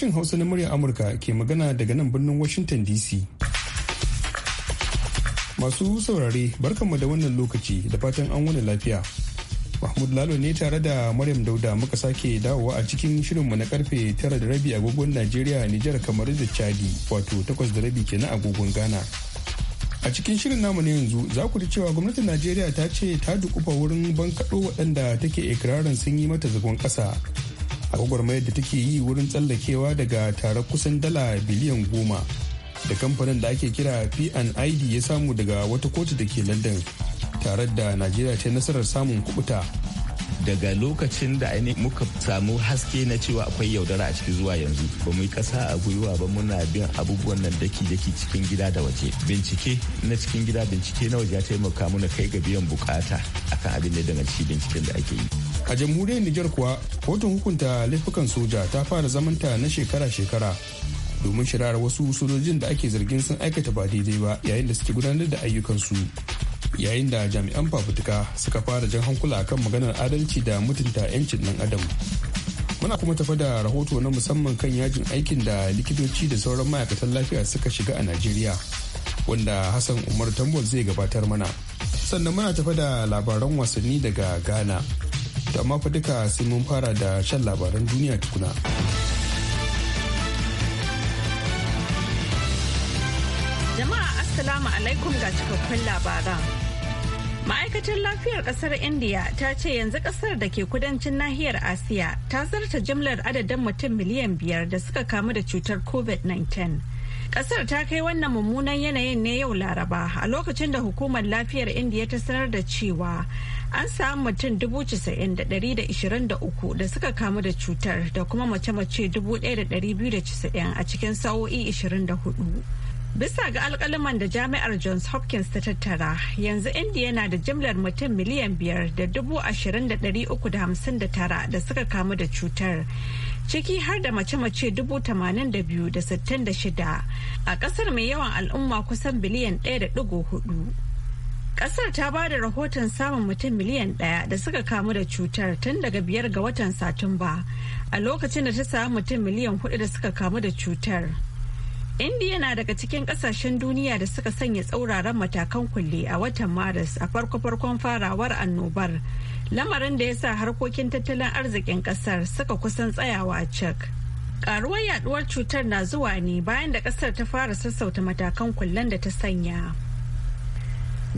Sashen Hausa na muryar Amurka ke magana daga nan birnin Washington DC. Masu saurare barkanmu da wannan lokaci da fatan an wani lafiya. Mahmud Lalo ne tare da Maryam Dauda muka sake dawowa a cikin shirinmu na karfe tara da rabi agogon Najeriya, Nijar, kamar da Chadi, wato takwas da rabi kenan agogon Ghana. A cikin shirin namu na yanzu za ku ji cewa gwamnatin Najeriya ta ce ta dukufa wurin bankaɗo waɗanda take ikirarin sun yi mata zagon ƙasa a gwagwarmayar da take yi wurin tsallakewa daga tare kusan dala biliyan goma da kamfanin da ake kira pnid ya samu daga wata kotu da ke london tare da najeriya ta nasarar samun kubuta daga lokacin da ainihin muka samu haske na cewa akwai yaudara a ciki zuwa yanzu ba mu yi kasa a gwiwa ba muna bin abubuwan nan daki daki cikin gida da waje bincike na cikin gida bincike na waje ya taimaka muna kai ga biyan bukata akan abin da daga ci binciken da ake yi a jamhuriyar Nijar kuwa kotun hukunta laifukan soja ta fara zamanta na shekara-shekara domin shirar wasu sojojin da ake zargin sun aikata ba daidai ba yayin da suke gudanar da ayyukansu yayin da jami'an fafutuka suka fara jan hankula kan maganar adalci da mutunta 'yancin ɗan adam muna kuma tafa da rahoto na musamman kan yajin aikin da likitoci da sauran ma'aikatan lafiya suka shiga a najeriya wanda hassan umar tambol zai gabatar mana sannan muna tafa da labaran wasanni daga ghana da amma fa duka sai mun fara da shan labaran duniya tukuna. Jama'a Assalamu alaikum ga cikakkun labaran. Ma'aikatar lafiyar kasar India ta ce yanzu kasar da ke kudancin nahiyar Asiya ta zarta jimlar adadin mutum miliyan biyar da suka kamu da cutar COVID-19. Kasar ta kai wannan mummunan yanayin ne yau Laraba a lokacin da hukumar lafiyar India ta sanar da cewa an samu mutum 90,123 da suka kamu da cutar da kuma mace-mace 1,290 a cikin sa'o'i 24. Bisa ga alkaliman da jami'ar Johns Hopkins ta tattara, yanzu Indiya na da jimlar mutum miliyan biyar da dubu ashirin da dari uku da hamsin da tara da suka kamu da cutar. ciki har da mace-mace dubu tamanin da biyu da sittin da shida a kasar mai yawan al'umma kusan biliyan ɗaya da ɗigo hudu. Kasar ta ba da rahoton samun mutum miliyan ɗaya da suka kamu da cutar tun daga biyar ga watan Satumba a lokacin da ta samu mutum miliyan hudu da suka kamu da cutar. indiya na daga cikin kasashen duniya da suka sanya tsauraran matakan kulle a watan maris a farko-farkon farawar annobar lamarin da ya sa harkokin tattalin arzikin kasar suka kusan tsayawa a cik karuwar yaduwar cutar na zuwa ne bayan da kasar ta fara sassauta matakan kullen da ta sanya.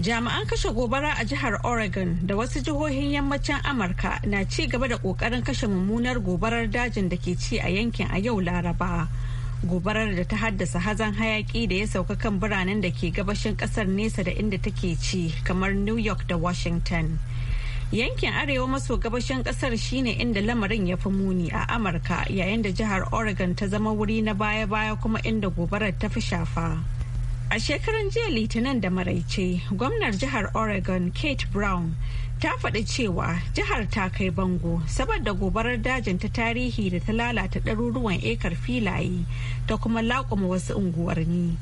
jami'an kashe gobara a jihar oregon da wasu jihohin yammacin amurka na ci gaba da kokarin kashe mummunar gobarar dajin da ke ci a yankin a yau laraba gobarar da ta haddasa hazan hayaki da ya sauka kan biranen da ke gabashin kasar nesa da inda take ci kamar new york da washington yankin arewa maso gabashin kasar shine inda lamarin ya fi muni a amurka yayin da jihar oregon ta zama wuri na baya-baya kuma inda gobarar ta fi shafa A shekaran jiya Litinin da Maraice, gwamnar jihar Oregon Kate Brown ta faɗi cewa jihar ta kai bango saboda gobarar dajin ta tarihi da ta lalata ɗaruruwan ekar filaye ta kuma laƙuma wasu unguwanni.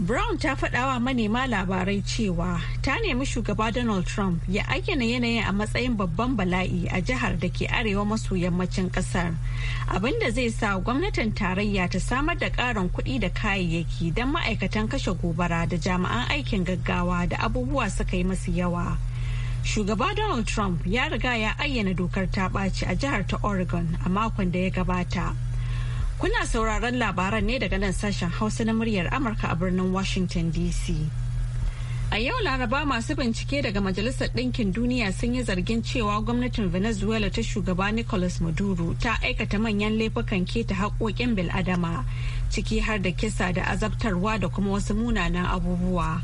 Brown ta faɗawa manema labarai cewa ta nemi shugaba Donald Trump ya ayyana yanayin a matsayin babban bala'i a jihar da ke arewa maso yammacin ƙasar. Abinda zai sa gwamnatin tarayya ta samar da ƙarin kuɗi da kayayyaki don ma'aikatan kashe gobara da jami'an aikin gaggawa da abubuwa suka yi masu yawa. Shugaba Donald Trump ya riga ya ayyana dokar ta ɓaci a jihar ta Oregon a makon da ya gabata. Kuna sauraron labaran ne daga nan sashen Hausa na muryar Amurka a birnin Washington DC. A yau Laraba masu bincike daga Majalisar Ɗinkin Duniya sun yi zargin cewa gwamnatin Venezuela ta shugaba Nicolas Maduro ta aikata manyan laifukan keta haƙoƙin adama ciki har da kisa da azabtarwa da kuma wasu munanan abubuwa.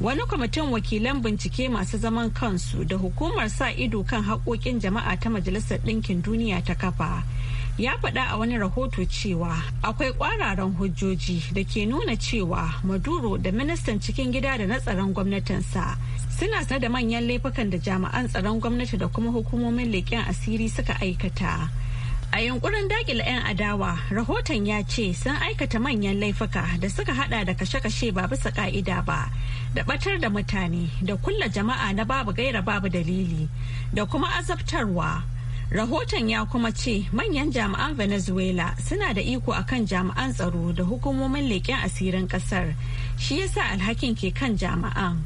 Wani kwamitin wakilan bincike masu zaman kansu da hukumar sa ido kan haƙoƙin jama'a ta Majalisar Ɗinkin Duniya ta kafa. ya faɗa a wani rahoto cewa akwai ƙwararan hujjoji da ke nuna cewa maduro da ministan cikin gida da na tsaron gwamnatinsa suna sanar da manyan laifukan da jami'an tsaron gwamnati da kuma hukumomin leƙen asiri suka aikata a yunkurin dakila 'yan adawa rahoton ya ce sun aikata manyan laifuka da suka hada da kashe-kashe ba bisa ka'ida ba da batar da mutane da kulla jama'a na babu gaira babu dalili da kuma azabtarwa Rahoton ya kuma ce manyan jami'an Venezuela suna da iko akan jami'an tsaro da hukumomin leƙen asirin ƙasar, shi yasa alhakin ke kan jami'an.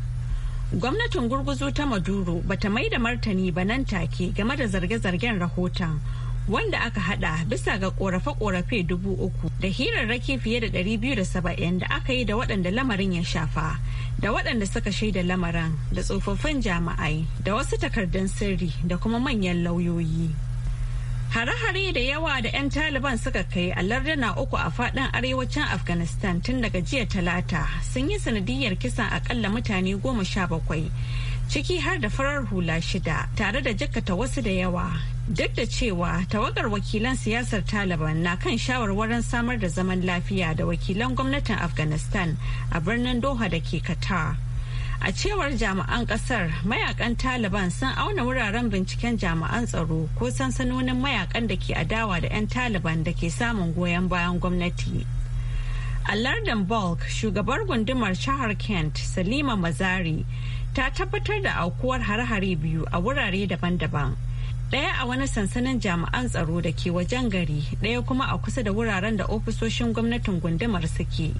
Gwamnatin gurguzu ta Maduro bata mai da martani ba nan take game da zarge-zargen rahoton. wanda aka hada bisa ga korafe-korafe dubu uku da hirarraki fiye da 270 da aka yi da waɗanda lamarin ya shafa da waɗanda suka shaida lamarin da tsofaffin jama'ai, da wasu takardun sirri da kuma manyan lauyoyi. Hare-hare da yawa da 'yan Taliban suka kai a lardana uku a faɗin arewacin Afghanistan tun daga jiya talata sun yi sanadiyar kisan akalla mutane goma sha bakwai ciki har da farar hula shida tare da jakkata wasu da yawa duk da cewa tawagar wakilan siyasar taliban na kan shawarwarin samar da zaman lafiya da wakilan gwamnatin afghanistan a birnin doha da ke qatar a cewar jami'an kasar mayakan taliban sun auna wuraren binciken jami'an tsaro ko sansanonin mayakan da ke adawa da 'yan taliban da ke samun goyon bayan gwamnati a lardin bulk shugabar gundumar shahar kent salima mazari ta tabbatar da aukuwar hare-hare biyu a wurare daban-daban daya a wani sansanin jami'an tsaro da ke wajen gari, daya kuma a kusa da wuraren da ofisoshin gwamnatin gundumar suke.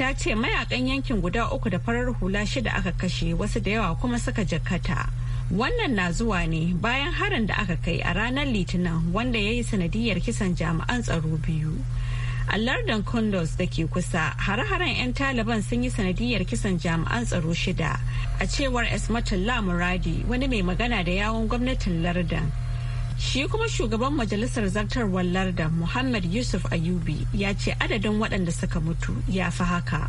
Ta ce mayakan yankin guda uku da farar hula shida aka kashe wasu da yawa kuma suka jakkata. Wannan na zuwa ne bayan harin da aka kai a ranar Litinin wanda ya yi sanadiyar kisan jami'an tsaro biyu. A lardin Condos da ke kusa, hare-haren 'yan Taliban sun yi sanadiyar kisan jami'an tsaro shida, a cewar Esmatullah Muradi wani mai magana da yawon gwamnatin lardin. Shi kuma shugaban majalisar Zartar larda Muhammad Yusuf Ayubi ya ce adadin waɗanda suka mutu ya fi haka.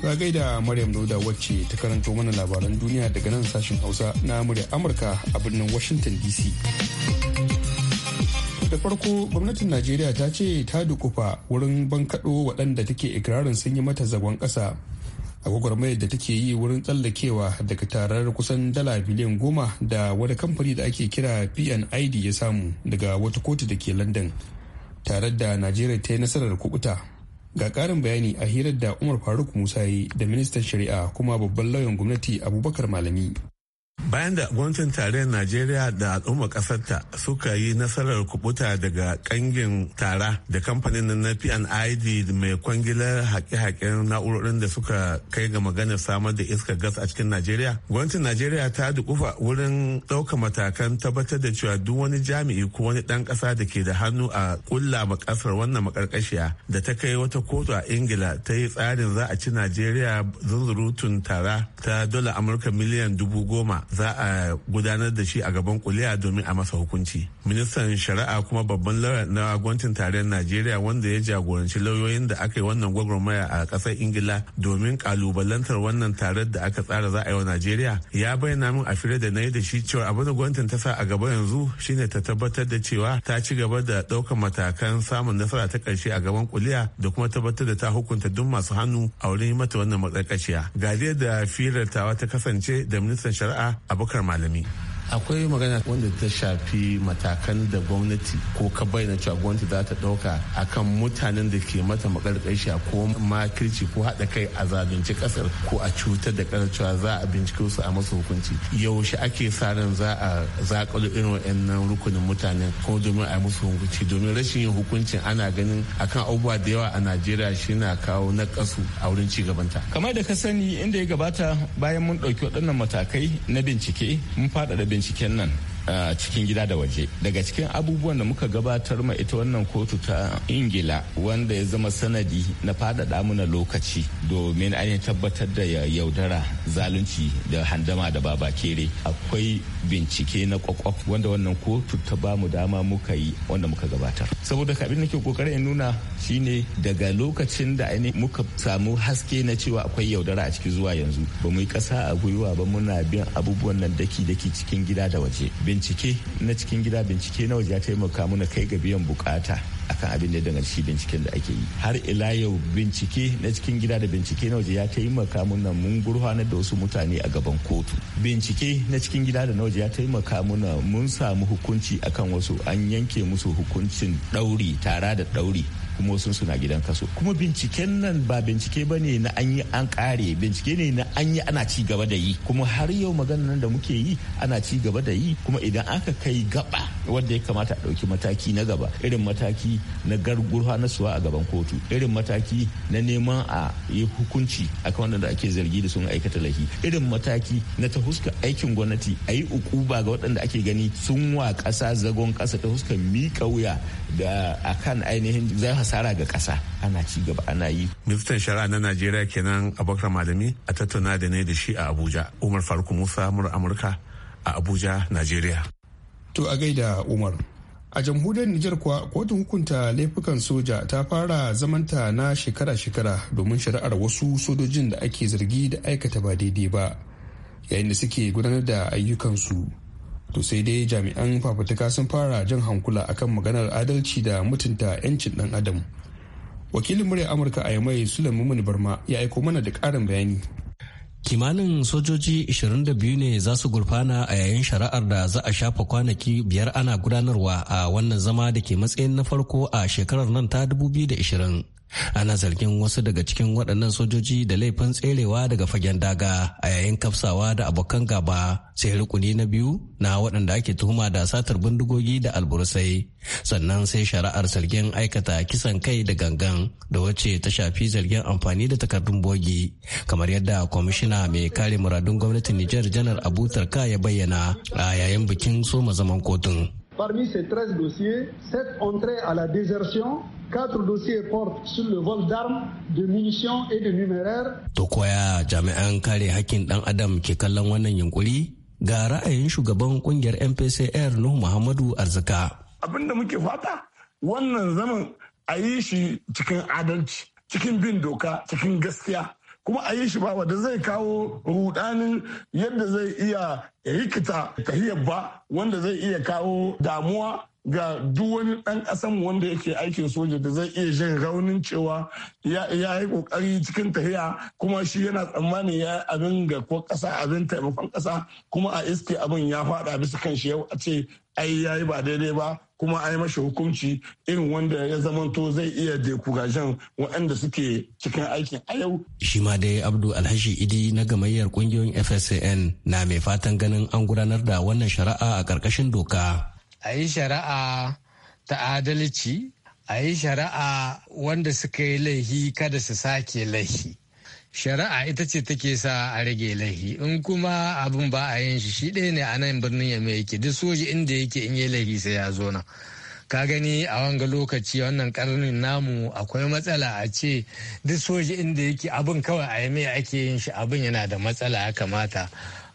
Ta gaida Maryam loda wacce ta karanto mana labaran duniya daga nan sashen Hausa na murya Amurka a birnin Washington DC. Da farko gwamnatin Najeriya ta ce ta dukufa wurin bankaɗo waɗanda take ikirarin sun yi mata zagon ƙasa a gwagwarmayar da take yi wurin tsallakewa daga tarar kusan dala biliyan goma da wani kamfani da ake kira pnid ya samu daga wata kotu da ke london tare da najeriya ta yi nasarar kubuta ga karin bayani a hirar da umar faruk musa yi da ministan shari'a kuma babban lauyan gwamnati abubakar malami bayan da gwamnatin tarayyar najeriya da al'umma ƙasarta suka yi nasarar kubuta daga kangin tara da kamfanin na pnid mai kwangilar haƙe-haƙen na'urorin da suka kai ga maganar samar da iska gas a cikin najeriya gwamnatin najeriya ta dukufa wurin ɗauka matakan tabbatar da cewa duk wani jami'i ko wani ɗan ƙasa da ke da hannu a ƙulla ma ƙasar wannan maƙarƙashiya da ta kai wata kotu a ingila ta yi tsarin za a ci najeriya zunzurutun tara ta dola amurka miliyan dubu goma za a gudanar da shi a gaban kuliya domin a masa hukunci ministan shari'a kuma babban lauya na gwamnatin tarayyar najeriya wanda ya jagoranci lauyoyin da aka yi wannan gwagwarmaya a ƙasar ingila domin kalubalantar wannan tare da aka tsara za a yi wa najeriya ya bayyana min a fira da na yi da shi cewa abin da gwamnatin ta sa a gaba yanzu shine ta tabbatar da cewa ta ci gaba da ɗaukar matakan samun nasara ta ƙarshe a gaban kuliya da kuma tabbatar da ta hukunta duk masu hannu a wurin mata wannan matsakaciya ga da firar tawa ta kasance da ministan shari'a abubakar malami akwai magana wanda ta shafi matakan da gwamnati ko ka bayyana cewa gwamnati za ta ɗauka akan mutanen da ke mata makarƙashiya ko makirci ko haɗa kai a zalunci kasar ko a cutar da ƙasar cewa za a bincike su a masu hukunci yaushe ake sa ran za a zaƙalo irin wa'annan rukunin mutanen ko domin a musu hukunci domin rashin yin hukuncin ana ganin akan abubuwa da yawa a najeriya shi na kawo na ƙasu a wurin ci gabanta kamar da ka sani inda ya gabata bayan mun ɗauki waɗannan matakai na bincike mun faɗaɗa binciken nan cikin gida da waje daga cikin abubuwan da muka gabatar ma ita wannan kotu ta ingila wanda ya zama sanadi na fadada mana lokaci domin an tabbatar da yaudara zalunci da handama da babakere akwai bincike na kwakwak wanda wannan kotu ta bamu dama muka yi wanda muka gabatar saboda kabin nake kokarin nuna shine daga lokacin da ainihin muka samu haske na cewa akwai yaudara a ciki zuwa yanzu ba mu yi kasa a gwiwa ba muna bin abubuwan nan daki daki cikin gida da waje bincike na cikin gida bincike na waje ya taimaka muna kai ga biyan bukata akan abin da shi binciken da ake yi har ila yau bincike na cikin gida da bincike na waje ya taimaka muna mun gurfanar da wasu mutane a gaban kotu bincike na cikin gida da na waje ya taimaka muna mun samu hukunci akan wasu an yanke musu hukuncin dauri tara da dauri. kuma wasu suna gidan kaso kuma binciken nan ba bincike ba ne na an yi an kare bincike ne na an yi ana ci gaba da yi kuma har yau magana nan da muke yi ana ci gaba da yi kuma idan aka kai gaba wanda ya kamata a ɗauki mataki na gaba irin mataki na gargurha na suwa a gaban kotu irin mataki na neman a yi hukunci akan wanda ake zargi da sun aikata laifi irin mataki na ta huska aikin gwamnati a yi ukuba ga waɗanda ake gani sun wa ƙasa zagon ƙasa ta huska mika wuya da akan ainihin za asara ga ƙasa ana ci gaba ana yi. Ministan Shari'a na Najeriya kenan a Abubakar Malami a tattauna da ne da shi a Abuja. Umar Faruk Musa mura Amurka a Abuja, Najeriya. To a gaida Umar. A jamhuriyar Nijar kuwa kotun hukunta laifukan soja ta fara zamanta na shekara-shekara domin shari'ar wasu sojojin da ake zargi da aikata ba daidai ba yayin da suke gudanar da ayyukansu. to sai dai jami'an fafutuka sun fara jan hankula akan maganar adalci da mutunta 'yancin dan adam wakilin murya amurka a yamai sulaiman barma ya aiko mana da karin bayani kimanin sojoji 22 ne za su gurfana a yayin shari'ar da za a shafa kwanaki biyar ana gudanarwa a wannan zama da ke matsayin na farko a shekarar nan ta 2020 ana zargin wasu daga cikin waɗannan sojoji da laifin tserewa daga fagen daga a yayin kafsawa da abokan gaba sai rukuni na biyu na waɗanda ake tuhuma da satar bindigogi da alburusai sannan sai shari'ar zargin aikata kisan kai da gangan da wacce ta shafi zargin amfani da takardun bogi kamar yadda kwamishina mai kare muradun gwamnatin nijar janar abu tarka ya bayyana a yayin bikin soma zaman kotun Parmi ces 13 dossiers, 7 entrées à la désertion Quatre dossiers portent sur le vol d'armes, de munitions et de numéraires. To koya jami'an kare hakkin dan adam ke kallon wannan yunkuri? Ga ra'ayin shugaban kungiyar MPCR Nuhu Muhammadu Arzika. Abin da muke fata wannan zaman a yi shi cikin adalci, cikin bin doka, cikin gaskiya. kuma a yi shi ba wanda zai kawo rudanin yadda zai iya rikita tahiyar ba wanda zai iya kawo damuwa ga duk wani ɗan ƙasan wanda yake aikin soja da zai iya jin raunin cewa ya yi ƙoƙari cikin tahiya kuma shi yana tsammanin ya abin ga ko ƙasa abin taimakon ƙasa kuma a iske abin ya faɗa bisa kan shi yau a ce ai ya yi ba daidai ba kuma ai mashi hukunci irin wanda ya zamanto zai iya dekurajen waɗanda suke cikin aikin a yau. Shi ma dai Abdu Alhashi Idi na gamayyar ƙungiyoyin fsn na mai fatan ganin an gudanar da wannan shari'a a ƙarƙashin doka. a yi shari'a ta adalci a yi shari'a wanda suka yi laihi kada su sake laihi shari'a ita ce take sa a rage laihi in kuma abin ba a yin shi shi ɗaya ne a nan birnin yamma yake duk soji inda yake in yi laihi sai ya zo na ka gani a wanga lokaci wannan karnin namu akwai matsala a ce duk soji inda yake abin kawai a yi mai ake yin shi abin yana da matsala ya kamata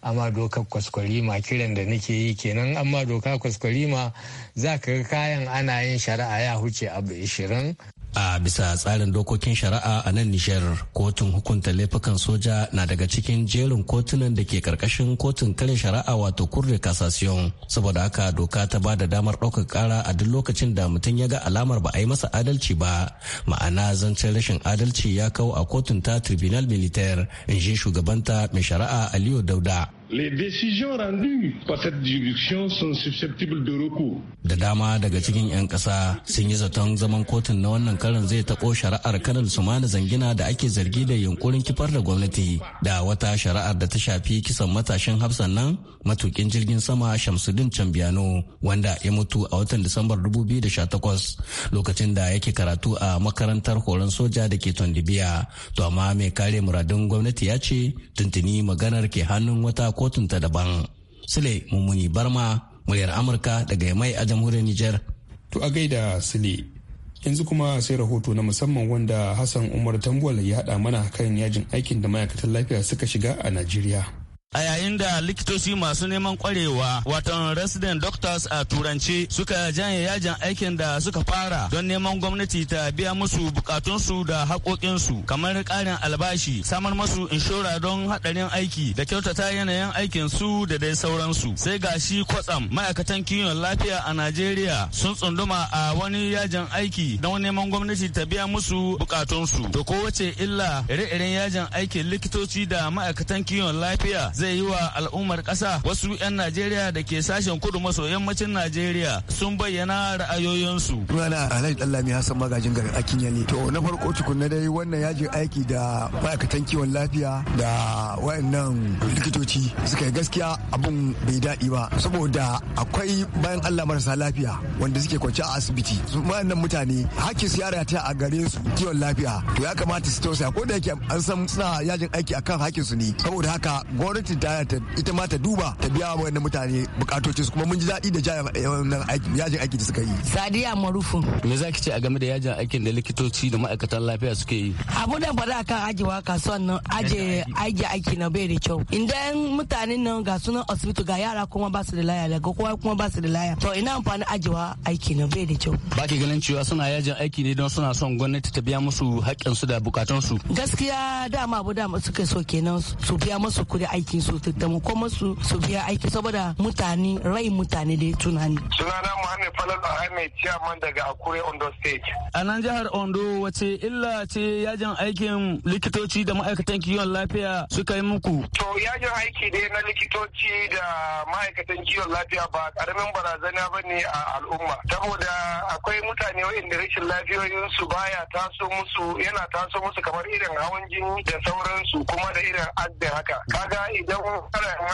amma doka kwaskwalima kiran da nake yi kenan amma doka kwaskwalima za ka ga kayan ana yin shari'a ya huce abu ishirin a bisa tsarin dokokin shari'a a nan Nijar, kotun hukunta laifukan soja na daga cikin jerin kotunan da ke karkashin kotun kare shari'a wato kurre kasasiyon saboda haka doka ta ba da damar ɗaukar ƙara a duk lokacin da mutum ya ga alamar ba a yi masa adalci ba ma'ana zancen rashin adalci ya kawo a kotun ta tribunal militaire in shugabanta mai shari'a aliyu dauda Les décisions rendues par cette juridiction sont susceptibles de recours. Da dama daga cikin 'yan ƙasa sun yi zaton zaman kotun na wannan karin zai taɓo shari'ar kanal Sumana Zangina da ake zargi da yunkurin kifar da gwamnati da wata shari'ar da ta shafi kisan matashin hafsan nan matukin jirgin sama Shamsuddin Cambiano wanda ya mutu a watan Disambar 2018 lokacin da yake karatu a makarantar horon soja da ke Tondibiya. To amma mai kare muradun gwamnati ya ce tuntuni maganar ke hannun wata kotun ta daban sule mummuni barma muryar amurka daga mai a jamhuriyar nijar. to a gaida sule yanzu kuma sai rahoto na musamman wanda hassan umar tambuwal ya haɗa mana kan yajin aikin da ma'aikatan lafiya suka shiga a najeriya a yayin da likitoci masu neman kwarewa watan resident doctors a turance suka janye yajin aikin da suka fara don neman gwamnati ta biya musu bukatunsu da haƙoƙinsu kamar ƙarin albashi samar musu inshora don haɗarin aiki da kyautata yanayin aikin su da dai sauransu sai ga shi kwatsam ma'aikatan kiwon lafiya a najeriya sun tsunduma a wani yajin aiki don neman gwamnati ta biya musu bukatunsu to kowace illa ire-iren yajin aikin likitoci da ma'aikatan kiwon lafiya zai yi wa al'ummar ƙasa wasu 'yan Najeriya da ke sashen kudu maso yammacin Najeriya sun bayyana ra'ayoyinsu. Sunana Alhaji Dallami Hassan magajin garin Akinyali. To na farko tukuna dai wannan yajin aiki da ma'aikatan kiwon lafiya da wayannan likitoci suka yi gaskiya abun bai daɗi ba saboda akwai bayan Allah marasa lafiya wanda suke kwance a asibiti. Wayannan mutane hakkin su yara ta a gare su kiwon lafiya to ya kamata su tausaya ko da yake an san suna yajin aiki akan hakkin su ne saboda haka gwamnati gwamnatin tarayya ita ma ta duba ta biya wa wannan mutane bukatocin su kuma mun ji daɗi da jayan eh, yajin aiki da suka yi. Sadiya Marufu. Me za ki ce a game da yajin aikin da likitoci da ma'aikatan lafiya suke yi? Abu da fara kan ajewa kasuwan nan aje aje aiki na bai da kyau. Idan mutanen nan ga sunan asibiti ga yara kuma ba su da laya daga kowa kuma ba su da laya. To ina amfani ajewa aiki na bai da kyau. Ba ki ganin cewa suna yajin aiki ne don suna son gwamnati ta biya musu haƙƙinsu da bukatunsu. Gaskiya dama abu dama suke so kenan su biya musu kuɗi aiki. aikin su ta taimako masu su biya aiki saboda mutane rai mutane da tunani. Sunana Muhammad Falal Ahmed Chairman daga Akure Ondo State. A nan jihar Ondo wace illa ce yajin aikin likitoci da ma'aikatan kiwon lafiya suka yi muku? To yajin aiki dai na likitoci da ma'aikatan kiwon lafiya ba karamin barazana ba ne a al'umma. Saboda akwai mutane waɗanda rashin lafiyoyinsu baya taso musu yana taso musu kamar irin hawan jini da sauransu kuma da irin adda haka. Kaga idan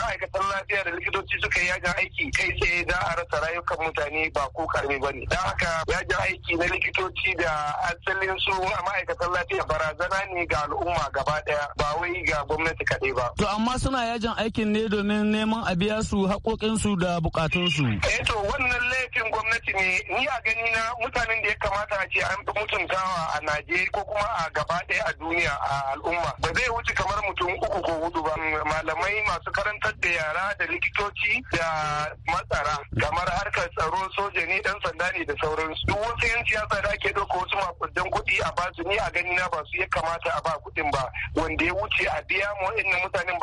ma'aikatan lafiya da likitoci suka yajin aiki kai sai za a rasa rayukan mutane ba ko karmi ba ne. Don haka yajin aiki na likitoci da asalin su a ma'aikatan lafiya barazana ne ga al'umma gaba ɗaya ba wai ga gwamnati kaɗai ba. To amma suna yajin aikin ne domin neman a biya su su da buƙatunsu. Eh to wannan laifin gwamnati ne ni a gani na mutanen da ya kamata a ce an fi mutuntawa a Najeriya ko kuma a gaba ɗaya a duniya a al'umma ba zai wuce kamar mutum uku ko hudu ba malamai malamai masu karantar da yara da likitoci da matsara kamar harkar tsaro soja ne dan sanda ne da sauransu duk wasu yan siyasa da ake ɗauka wasu makudan kuɗi a basu ni a gani na ba su ya kamata a ba kuɗin ba wanda ya wuce a biya mu wa'annan mutanen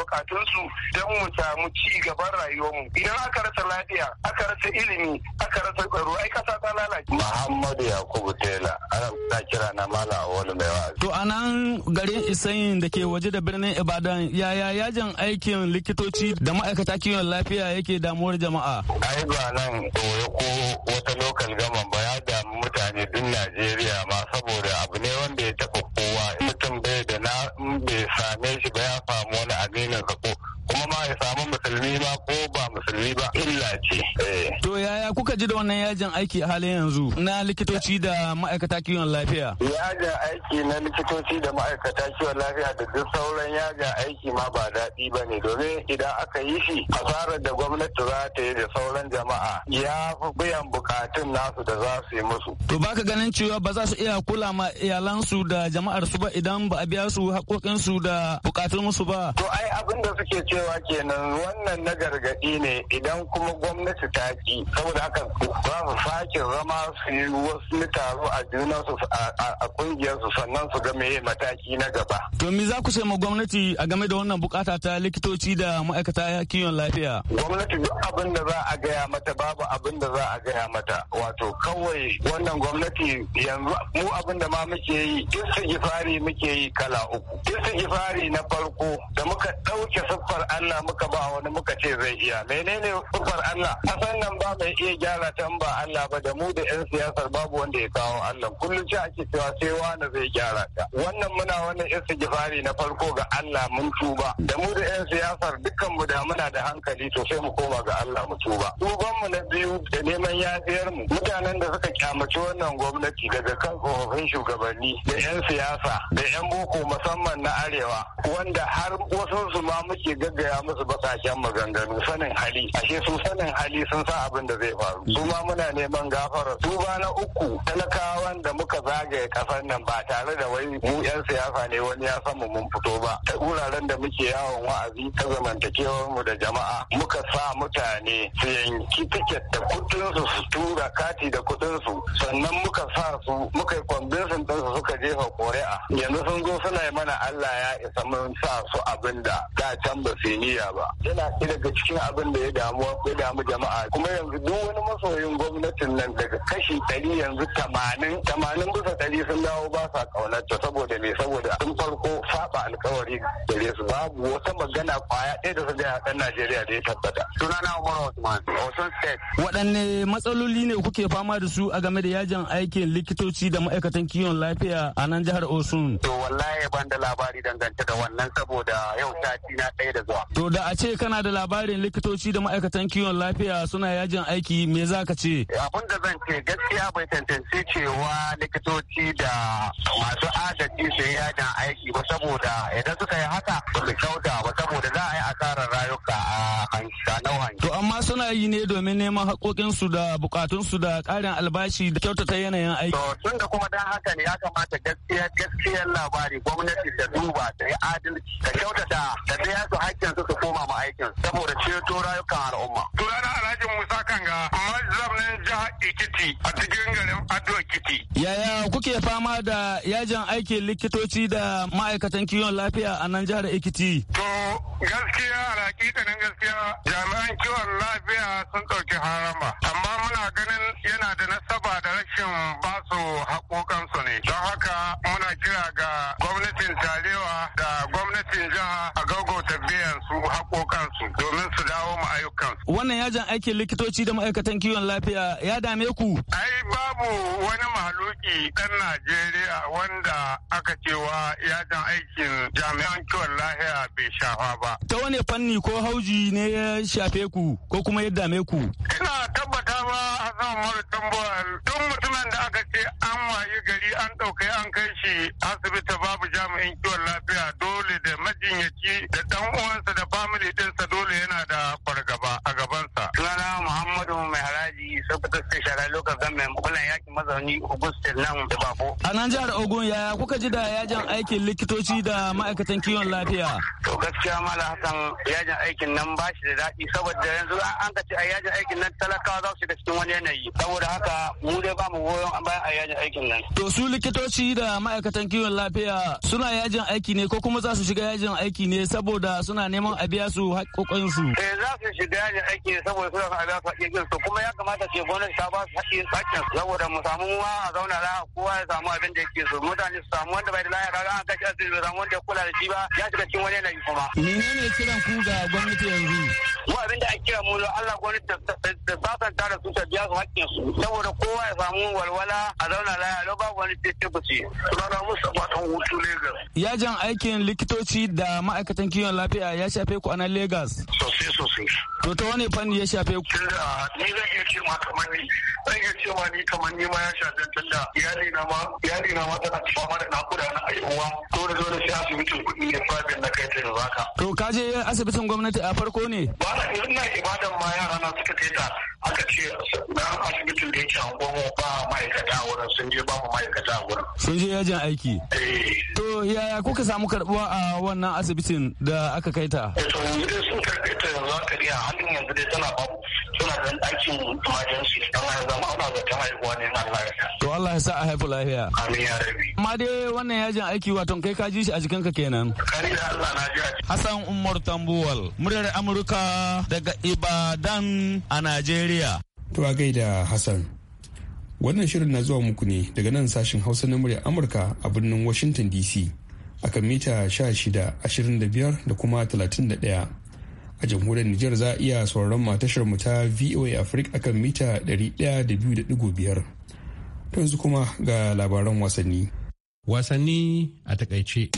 su don mu samu ci gaban mu. idan aka rasa lafiya aka rasa ilimi aka rasa tsaro ai kasa ta lalace. Muhammadu Yakubu Tela ana ta kira na mala wani mai wa'azi. To anan garin isan da ke waje da birnin Ibadan yaya yajin aiki aikin likitoci da ma'aikata kiwon lafiya yake damuwar jama'a? Ai ba nan koyo ko wata lokal gama ba ya damu mutane duk Najeriya ma saboda abu ne wanda ya taɓa kowa mutum bai da na bai same shi ba ya samu wani aminin ko kuma ma ya samu musulmi ba ko ba musulmi ba illa ce. Eh. To yaya kuka ji da wannan yajin aiki a halin yanzu na likitoci da ma'aikata kiwon lafiya? Yajin aiki na likitoci da ma'aikata kiwon lafiya da duk sauran yajin aiki ma ba daɗi ba ne domin idan aka yi shi hasarar da gwamnati za ta yi da sauran jama'a ya fi biyan bukatun nasu da za su yi musu. To baka ganin cewa ba za su iya kula ma iyalansu da jama'ar su ba idan ba a biya su haƙoƙinsu da bukatun musu ba. To ai abin da suke cewa kenan wannan na gargaɗi ne idan kuma gwamnati ta ki saboda haka za su sake zama su yi wasu taro a su a kungiyarsu sannan su game meye mataki na gaba. To me za ku sai ma gwamnati a game da wannan bukata ta likitoci da ma'aikata kiwon lafiya? Gwamnati duk abin da za a gaya mata babu abin da za a gaya mata wato kawai wannan gwamnati yanzu mu abin da ma muke yi istigifari muke yi kala uku. Istigifari na farko da muka ɗauke siffar Allah muka ba wani wani muka ce zai iya menene kufar Allah kasan nan ba mai iya gyara ta ba Allah ba da mu da yan siyasar babu wanda ya kawo Allah kullum ci ake cewa sai wani zai gyara ta wannan muna wannan istighfari na farko ga Allah mun tuba da mu da yan siyasar dukkan mu da muna da hankali to sai mu koma ga Allah mu tuba tuban mu na biyu da neman yafiyar mu mutanen da suka kyamaci wannan gwamnati daga kan tsofaffin shugabanni da yan siyasa da yan boko musamman na arewa wanda har wasu su ma muke gaggaya musu bakashen waɗannan maganganu sanin hali ashe su sanin hali sun san abin da zai faru su ma muna neman gafara duba na uku talakawan da muka zagaye kasar nan ba tare da wai mu yan siyasa ne wani ya san mu mun fito ba ta wuraren da muke yawon wa'azi ta zamantakewar mu da jama'a muka sa mutane su yanki tiket da kudin su su tura kati da kudin su sannan muka sa su muka yi kwambinsin din su suka jefa ƙuri'a yanzu sun zo suna yi mana Allah ya isa mun sa su abin da da can ba su niyya ba ina shi daga cikin abin da ya damu ya damu jama'a kuma yanzu duk wani masoyin gwamnatin nan daga kashi ɗari yanzu tamanin tamanin bisa ɗari sun dawo ba sa ƙaunarta saboda me saboda tun farko saba alkawari gare su babu wata magana kwaya ɗaya da su gaya ɗan Najeriya da ya tabbata. Sunana Umar Osman, Osun State. Waɗanne matsaloli ne kuke fama da su a game da yajin aikin likitoci da ma'aikatan kiwon lafiya a nan jihar Osun? To wallahi ban da labari dangantaka wannan saboda yau sati na ɗaya da zuwa. To da a ce kana kana da labarin likitoci da ma'aikatan kiwon lafiya suna yajin aiki me za ka ce? Abin da zan ce gaskiya bai tantance cewa likitoci da masu adalci su yi yajin aiki ba saboda idan suka yi haka ba su kyauta ba saboda za a yi asarar rayuka a nau'an amma suna yi ne domin neman haƙoƙinsu da buƙatunsu da ƙarin albashi da kyautata yanayin aiki. To tun da kuma dan haka ne ya kamata gaskiya gaskiyar labari gwamnati ta duba ta yi adalci ta kyautata da biya su haƙƙinsu su koma ma aikin saboda ceto rayukan al'umma. Sunana Alhaji Musa Kanga, mazhabin Ikiti a cikin garin Ado Ikiti. Yaya kuke fama da yajin aikin likitoci da ma'aikatan kiwon lafiya a nan jihar Ikiti? To gaskiya alaƙiƙanin gaskiya jami'an kiwon lafiya sun ɗauki harama amma muna ganin yana da nasaba da rashin basu haƙoƙansu ne. Don haka muna kira ga gwamnatin talewa da gwamnatin jiha kansu domin su dawo mu su. Wannan yajin aikin likitoci da ma'aikatan kiwon lafiya ya dame ku? Ai babu wani mahaluki ɗan Najeriya wanda aka cewa yajin aikin jami'an kiwon lafiya bai shafa ba. Ta wani fanni ko hauji ne ya shafe ku ko kuma ya dame ku? Ina tabbata ba Hassan Umaru Tambuwal duk mutumin da aka ce an wayi gari an ɗaukai an kai shi asibiti babu jami'in kiwon lafiya dole da majinyaci da ɗan uwansa da family ɗinsa dole yana ta State Shara Local mai mukulan Yakin Mazauni Auguste nan da babu. A nan jihar Ogun ya kuka ji da yajin aikin likitoci da ma'aikatan kiwon lafiya? To gaskiya Mala Hassan yajin aikin nan ba shi da daɗi saboda yanzu an ka ce a yajin aikin nan talakawa za su shiga cikin wani yanayi. Saboda haka mu dai ba mu goyon bayan a yajin aikin nan. To su likitoci da ma'aikatan kiwon lafiya suna yajin aiki ne ko kuma za su shiga yajin aiki ne saboda suna neman a biya su haƙƙoƙinsu. Eh za su shiga yajin aiki ne saboda suna a biya su haƙƙoƙinsu kuma ya kamata ce gwamnati ta ba su haƙƙin haƙƙin saboda mu samu ma a zauna la kowa ya samu abin da yake so mutane su samu wanda bai da lafiya kaga an kashe asibiti bai samu wanda ya kula da shi ba ya shiga cikin wani yanayi kuma. menene kiran ku ga gwamnati yanzu. mu abin da ake kira mu Allah gwamnati ta sasanta da su ta biya su haƙƙin su saboda kowa ya samu walwala a zauna la ya ba wani tece-kuce. sunana Mustapha ɗan hutu Legas. yajin aikin likitoci da ma'aikatan kiwon lafiya ya shafe ku a nan Legas. sosai sosai. to ta wani fanni ya shafe ku. tunda ni zan iya ce ma kamar yi zan iya cewa ni kamar ni ma ya zan tunda iyali na ma iyali na ma tana fama da nakuda na aiwa dole dole sai asibitin kuɗi ne private na kai ta yanzu haka. To ka je asibitin gwamnati a farko ne? Ba na ina ibadan ma yara na suka kai ta aka ce na asibitin da yake angon ba ma'aikata a wurin sun je ba mu ma'aikata a wurin. Sun je yajin aiki? Eh. To yaya kuka samu karɓuwa a wannan asibitin da aka kai ta? Eh, to yanzu dai sun karɓe ta yanzu haka ne a halin yanzu dai tana ba suna da ɗakin emergency To Allah ya sa a haifu lafiya. Amma dai wannan yajin aiki waton kai kaji shi a jikinka kenan. Hassan Umar Tambuwal, muryar Amurka daga Ibadan a Najeriya. To a gaida Hassan. Wannan shirin na zuwa muku ne daga nan sashen Hausa na muryar Amurka a birnin Washington DC. akan mita 16, 25 da kuma 31. a jamhuriyar Nijar za a iya sauraron matashar mu ta VOA Africa akan mita 102.5. To yanzu kuma ga labaran wasanni. Wasanni a takaice.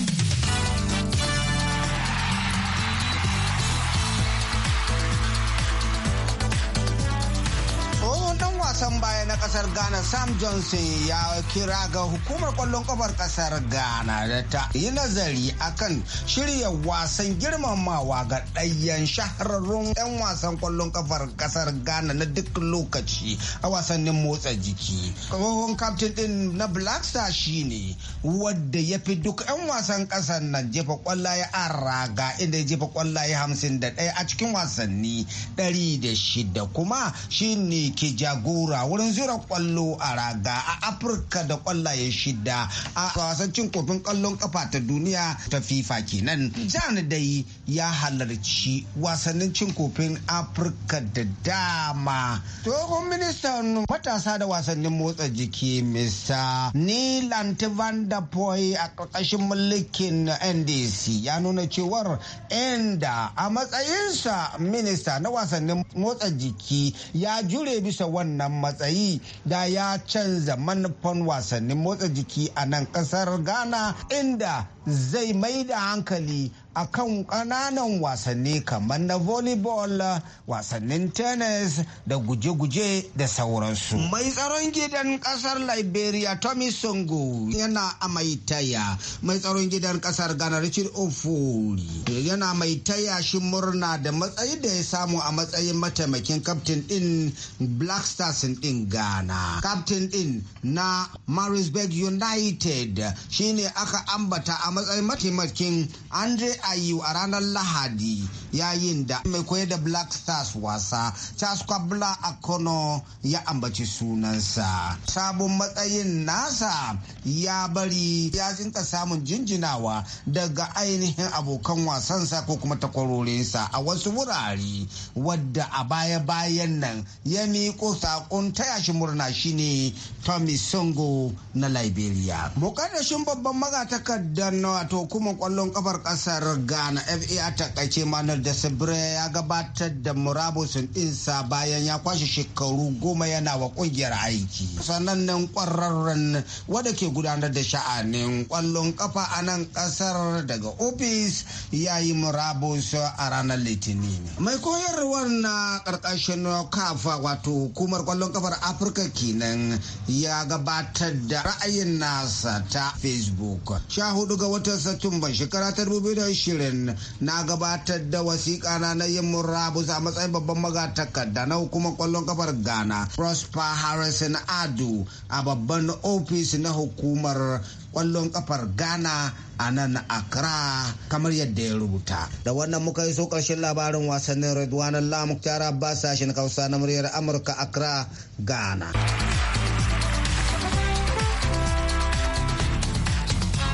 kasar ghana sam johnson ya kira ga hukumar kwallon kafar kasar ghana da ta yi nazari akan shirya wasan girmamawa ga ɗayan shahararrun 'yan wasan kwallon kafar kasar ghana na duk lokaci a wasannin motsa jiki tsohon kaftin din na black star shine wadda ya fi duk 'yan wasan kasar nan jefa kwallaye a raga inda ya jefa kwallaye 51 a cikin wasanni da shida kuma shine ke jagora wurin zura kwallo a raga a afirka da kwallaye shida a wasan cin kofin kwallon kafa ta duniya ta fifa kenan jan dai ya halarci wasannin cin kofin afirka da dama tsohon ministan matasa da wasannin motsa jiki mr nilant van der poy a ƙarƙashin mulkin ndc ya nuna cewar inda a matsayinsa minista na wasannin motsa jiki ya jure bisa wannan matsayi da ya canza manufan wasannin motsa jiki a nan kasar ghana inda zai mai da hankali a kan ƙananan wasanni kamar na volleyball wasannin tennis da guje-guje da sauransu. Mai tsaron gidan ƙasar Liberia Tommy Songo yana a maitaya. Mai tsaron gidan ƙasar Ghana Richard Ofori yana maitaya shi murna da matsayi da ya samu a matsayin mataimakin kaftin ɗin Black Stars ɗin Ghana. Kaftin ɗin na Marisburg United shine aka ambata a matsayin mataimakin Andre a yi a ranar lahadi yayin da mai koyar da black stars wasa a kano ya ambaci sunansa sabon matsayin nasa ya bari ya zinka samun jinjinawa daga ainihin abokan wasansa ko kuma takwarorinsa a wasu wurare wadda a baya-bayan nan ya miƙo saƙon taya shi murna shine tommy songo na liberia mukaddashin babban magatakardar wato kuma kwallon kafar ƙasar ghana fa a takaice ma na da sibre ya gabatar da murabusun ɗinsa bayan ya kwashe shekaru goma yana wa ƙungiyar aiki sanannen kwararren wadda ke gudanar da sha'anin Kwallon kafa a nan ƙasar daga ofis ya yi murabus a ranar litinin mai koyarwar na karkashin kafa wato hukumar kwallon kafar afirka kenan ya gabatar da ra'ayin nasa ta facebook sha hudu ga watan satumba shekara ta 2020 na gabatar da wasiƙa na na yin murabus a matsayin babban magatakarda na hukumar kwallon kafar ghana prosper harrison adu a babban ofis na hukumar kwallon kafar ghana a nan accra kamar yadda ya rubuta da wannan muka yi so karshen labarin wasannin redwanan lamuk tara ba sashen kausa na muryar amurka accra ghana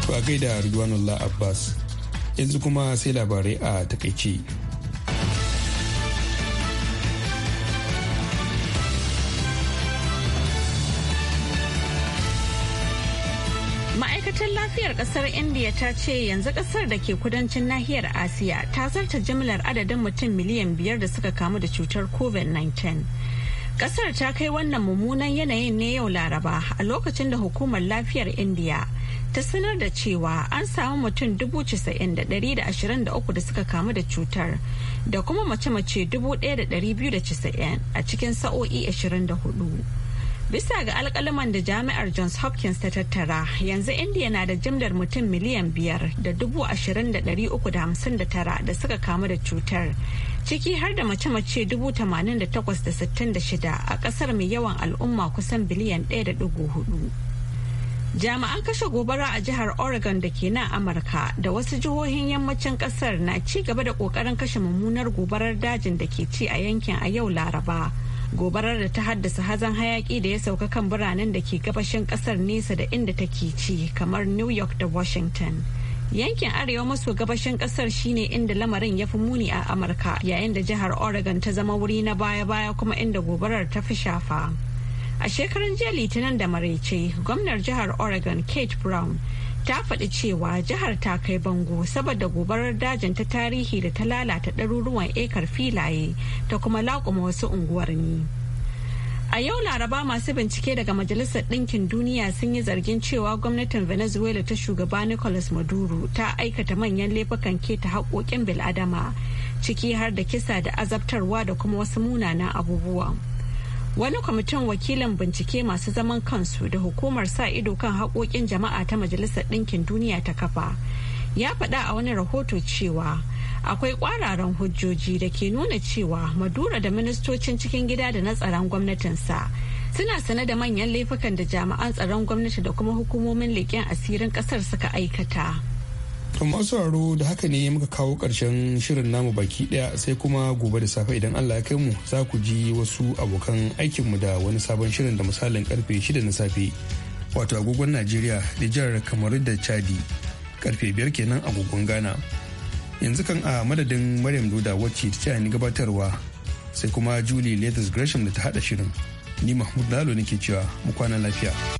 ba gaida Ridwanullah Abbas yanzu kuma sai labarai a takaice ma'aikatar lafiyar kasar india ta ce yanzu kasar da ke kudancin nahiyar asiya ta zarta jimlar adadin mutum miliyan biyar da suka kamu da cutar covid-19 kasar ta kai wannan mummunan yanayin ne yau laraba a lokacin da hukumar lafiyar india ta sanar da cewa an samu mutum 90,123 da suka kamu da cutar da kuma mace-mace 1,290 a cikin sa'o'i 24. Bisa ga alkalaman da jami'ar Johns Hopkins ta tattara yanzu indiya na da jimlar mutum miliyan biyar da dubu ashirin da dari uku da hamsin da tara da suka kamu da cutar ciki har da mace-mace dubu tamanin da takwas da sittin da shida a kasar mai yawan al'umma kusan biliyan daya da ɗigo hudu. jami'an kashe gobara a jihar oregon da ke nan amurka da wasu jihohin yammacin kasar na ci gaba da kokarin kashe mummunar gobarar dajin da ke ci a yankin a yau laraba gobarar da ta haddasa hazan hayaki da ya sauka kan biranen da ke gabashin kasar nesa da inda take ci kamar new york da washington yankin arewa maso gabashin kasar shine inda lamarin ya fi muni a amurka yayin da jihar oregon ta zama wuri na baya-baya kuma inda gobarar ta fi shafa A shekarun jiya Litinin da Maraice, gwamnar jihar Oregon Kate Brown ta faɗi cewa jihar ta kai bango saboda gobarar dajin ta tarihi da ta lalata ɗaruruwan ekar filaye ta kuma laƙuma wasu unguwanni. A yau Laraba masu bincike daga Majalisar Ɗinkin Duniya sun yi zargin cewa gwamnatin Venezuela ta shugaba Nicolas Maduro ta aikata manyan laifukan keta haƙoƙin bil'adama ciki har da kisa da azabtarwa da kuma wasu munanan abubuwa. wani kwamitin wakilin bincike masu zaman kansu da hukumar sa ido kan haƙoƙin jama'a ta majalisar ɗinkin duniya ta kafa ya faɗa a wani rahoto cewa akwai ƙwararan hujjoji da ke nuna cewa madura da ministocin cikin gida da na tsaron gwamnatinsa suna sane da manyan laifukan da jami'an tsaron gwamnati da kuma hukumomin leƙen asirin ƙasar suka aikata. To masu da haka ne muka kawo ƙarshen shirin namu baki ɗaya sai kuma gobe da safe idan Allah ya kai mu za ku ji wasu abokan aikinmu da wani sabon shirin da misalin karfe 6 na safe wato agogon Najeriya da jihar Kamaru da Chadi karfe 5 kenan agogon Ghana. Yanzu kan a madadin Maryam Doda wacce ta ni gabatarwa sai kuma Julie letters Gresham da ta hada shirin. Ni Mahmud Lalo nake cewa mu kwana lafiya.